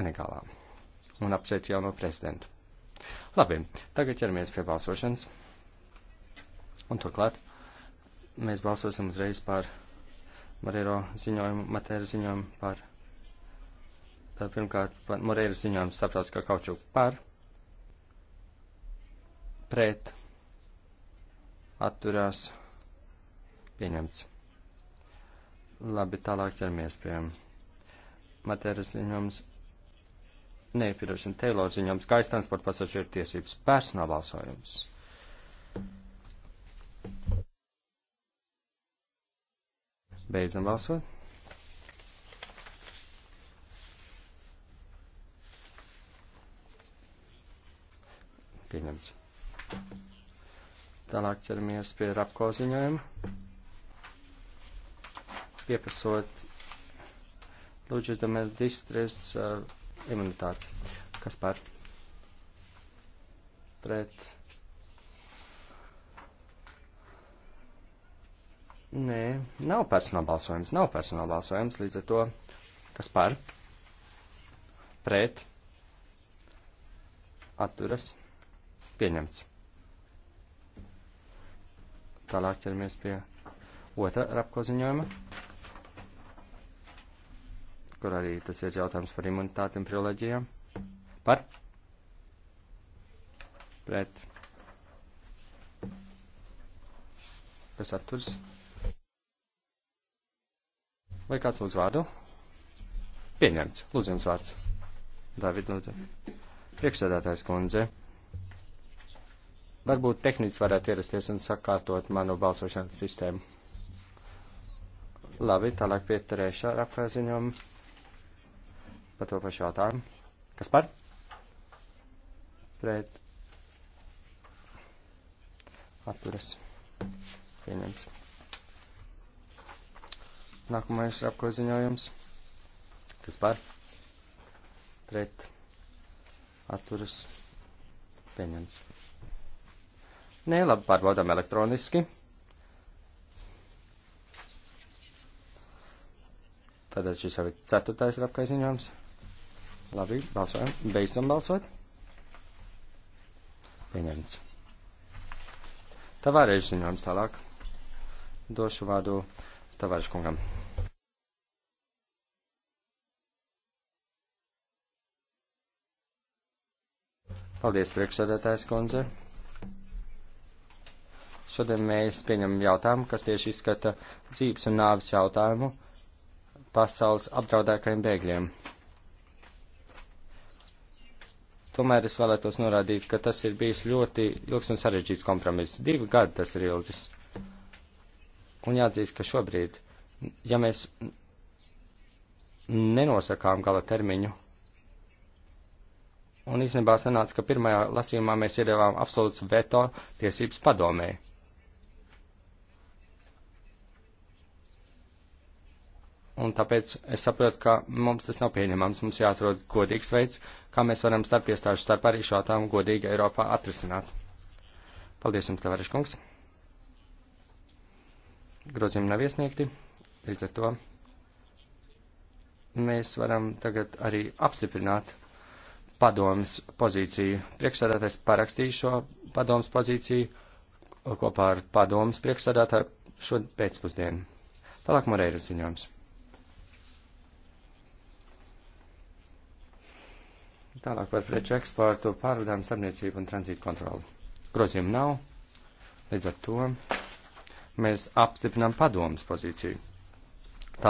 Senegālā un apsveicu jauno prezidentu. Labi, tagad ķeramies pie balsošanas. Un turklāt mēs balsosim uzreiz par Marēro ziņojumu, Matēra ziņojumu par, par pirmkārt, par Marēra ziņojumu starptautiskā kaučuku par, pret, atturās, pieņemts. Labi, tālāk ķeramies pie Matēra ziņojums neiepirošana Taylor ziņojums, gaisa transporta pasažieru tiesības personāla balsojums. Beidzam balsot. Pieņemts. Tālāk ķeramies pie rapko ziņojuma. Pieprasot Lūdzu, domāju, distres uh, imunitātes. Kas par? Pret. Nē, nav personāla balsojums, nav personāla balsojums, līdz ar to, kas par? Pret. Atturas. Pieņemts. Tālāk ķeramies pie otra rapko ziņojuma kur arī tas ir jautājums par imunitāti un privileģijām. Par? Pret. Kas atturs? Vai kāds lūdz vārdu? Pieņemts. Lūdzu jums vārds. David, lūdzu. Priekšsēdētājs kundze. Varbūt tehnicis varētu ierasties un sakārtot manu balsošanas sistēmu. Labi, tālāk pie trešā apziņojuma par to pašu jautājumu. Kas par? Pret. Atturas. Pieņemts. Nākamais ir apkoziņojums. Kas par? Pret. Atturas. Pieņemts. Nē, labi, pārbaudām elektroniski. Tātad šis jau ir ceturtais rapkaiziņojums. Labi, balsojam. Beidzam balsot. Pieņemts. Tavārēžu ziņojums tālāk. Došu vārdu Tavārēžu kungam. Paldies, priekšsēdētājs kundze. Šodien mēs pieņemam jautājumu, kas tieši izskata dzīves un nāvis jautājumu pasaules apdraudētajiem bēgļiem. Tomēr es vēlētos norādīt, ka tas ir bijis ļoti ilgs un sarežģīts kompromiss. Divi gadi tas ir ilgs. Un jāatzīst, ka šobrīd, ja mēs nenosakām gala termiņu, un īstenībā sanāca, ka pirmajā lasījumā mēs iedevām absolūts veto tiesības padomēji. un tāpēc es saprotu, ka mums tas nav pieņemams. Mums jāatrod godīgs veids, kā mēs varam starp iestāžu starp arī šo tām godīgi Eiropā atrisināt. Paldies jums, Tavariš kungs. Grozījumi nav iesniegti, līdz ar to mēs varam tagad arī apstiprināt padomas pozīciju. Priekšsēdētājs parakstīja šo padomas pozīciju kopā ar padomas priekšsēdētāju šo pēcpusdienu. Tālāk Moreira ziņojums. Tālāk par preču eksportu, pārvadām starpniecību un tranzītu kontroli. Grozījumu nav, līdz ar to mēs apstiprinām padomas pozīciju.